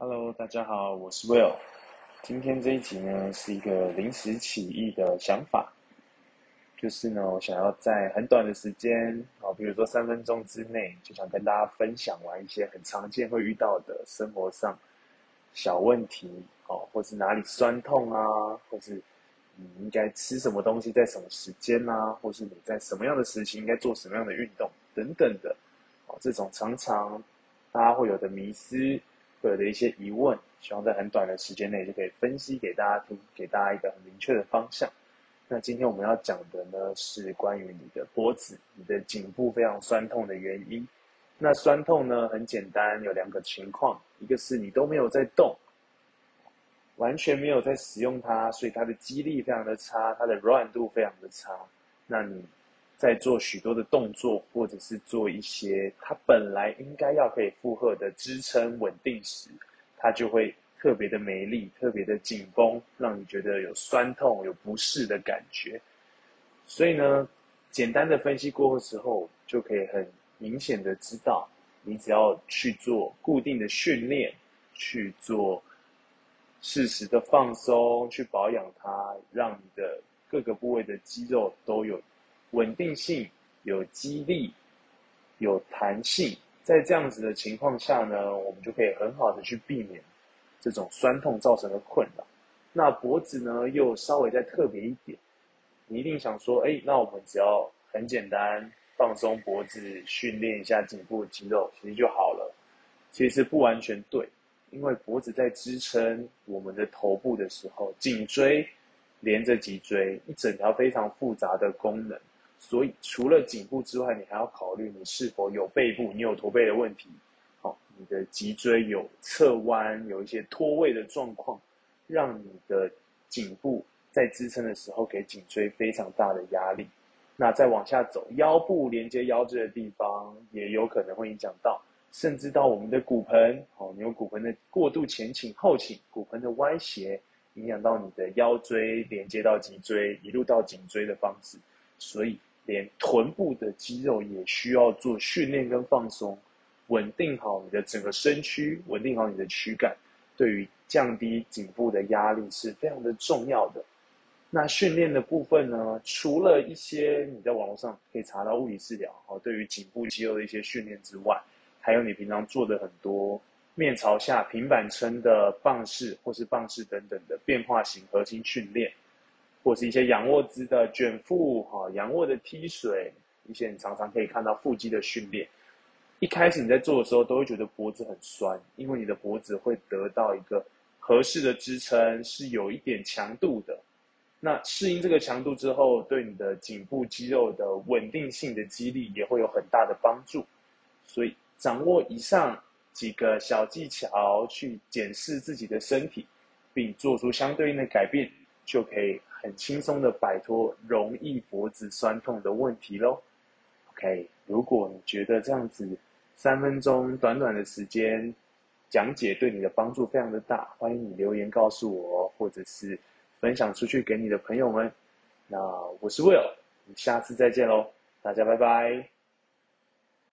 Hello，大家好，我是 Will。今天這一集呢是一個臨時起意的想法，就是呢，我想要在很短的時間，啊、哦，比如說三分鐘之內，就想跟大家分享完一些很常見會遇到的生活上小問題，哦，或是哪裡酸痛啊，或是你應該吃什麼東西，在什麼時間啊，或是你在什麼樣的時期應該做什麼樣的運動等等的、哦，這種常常大家會有的迷思。會有的一些疑問，希望在很短的時間內就可以分析給大家聽，給大家一個很明確的方向。那今天我們要講的呢，是關於你的脖子、你的頸部非常酸痛的原因。那酸痛呢，很簡單，有兩個情況，一個是你都沒有在動，完全沒有在使用它，所以它的肌力非常的差，它的柔軟度非常的差。那你在做許多的動作，或者是做一些它本來應該要可以負荷的支撐穩定時，它就會特別的沒力，特別的緊繃，讓你覺得有酸痛、有不適的感覺。所以呢，簡單的分析過後之後，就可以很明顯的知道，你只要去做固定的訓練，去做適時的放鬆，去保養它，讓你的各個部位的肌肉都有。穩定性、有肌力，有彈性，在這樣子的情況下呢，我們就可以很好的去避免這種酸痛造成的困擾。那脖子呢，又稍微再特別一點，你一定想說，哎、欸，那我們只要很簡單放鬆脖子，訓練一下頸部的肌肉，其實就好了。其實不完全對，因為脖子在支撐我們的頭部的時候，頸椎連着脊椎，一整條非常複雜的功能。所以，除了頸部之外，你還要考慮你是否有背部，你有駝背的問題，好，你的脊椎有側彎，有一些脫位的狀況，讓你的頸部在支撐的時候給頸椎非常大的壓力。那再往下走，腰部連接腰椎的地方也有可能會影響到，甚至到我們的骨盆，好，你有骨盆的過度前傾、後傾，骨盆的歪斜，影響到你的腰椎連接到脊椎，一路到頸椎的方式，所以。連臀部的肌肉也需要做訓練跟放鬆，穩定好你的整個身軀，穩定好你的軀幹，對於降低頸部的壓力是非常的重要的。那訓練的部分呢，除了一些你在網絡上可以查到物理治療哦，對於頸部肌肉的一些訓練之外，還有你平常做的很多面朝下平板撐的棒式或是棒式等等的變化型核心訓練。或是一些仰臥姿的捲腹，哈，仰臥的踢水，一些你常常可以看到腹肌的訓練。一開始你在做的時候，都會覺得脖子很痠，因為你的脖子會得到一個合適的支撐，是有一點強度的。那適應這個強度之後，對你的頸部肌肉的穩定性的肌力也會有很大的幫助。所以，掌握以上幾個小技巧，去檢視自己的身體，並做出相對應的改變，就可以。很輕鬆的擺脫容易脖子痠痛的問題嘍。OK，如果你覺得這樣子三分鐘短短的時間講解對你的幫助非常的大，歡迎你留言告訴我哦，或者是分享出去給你的朋友們。那我是 Will，我們下次再見嘍，大家拜拜。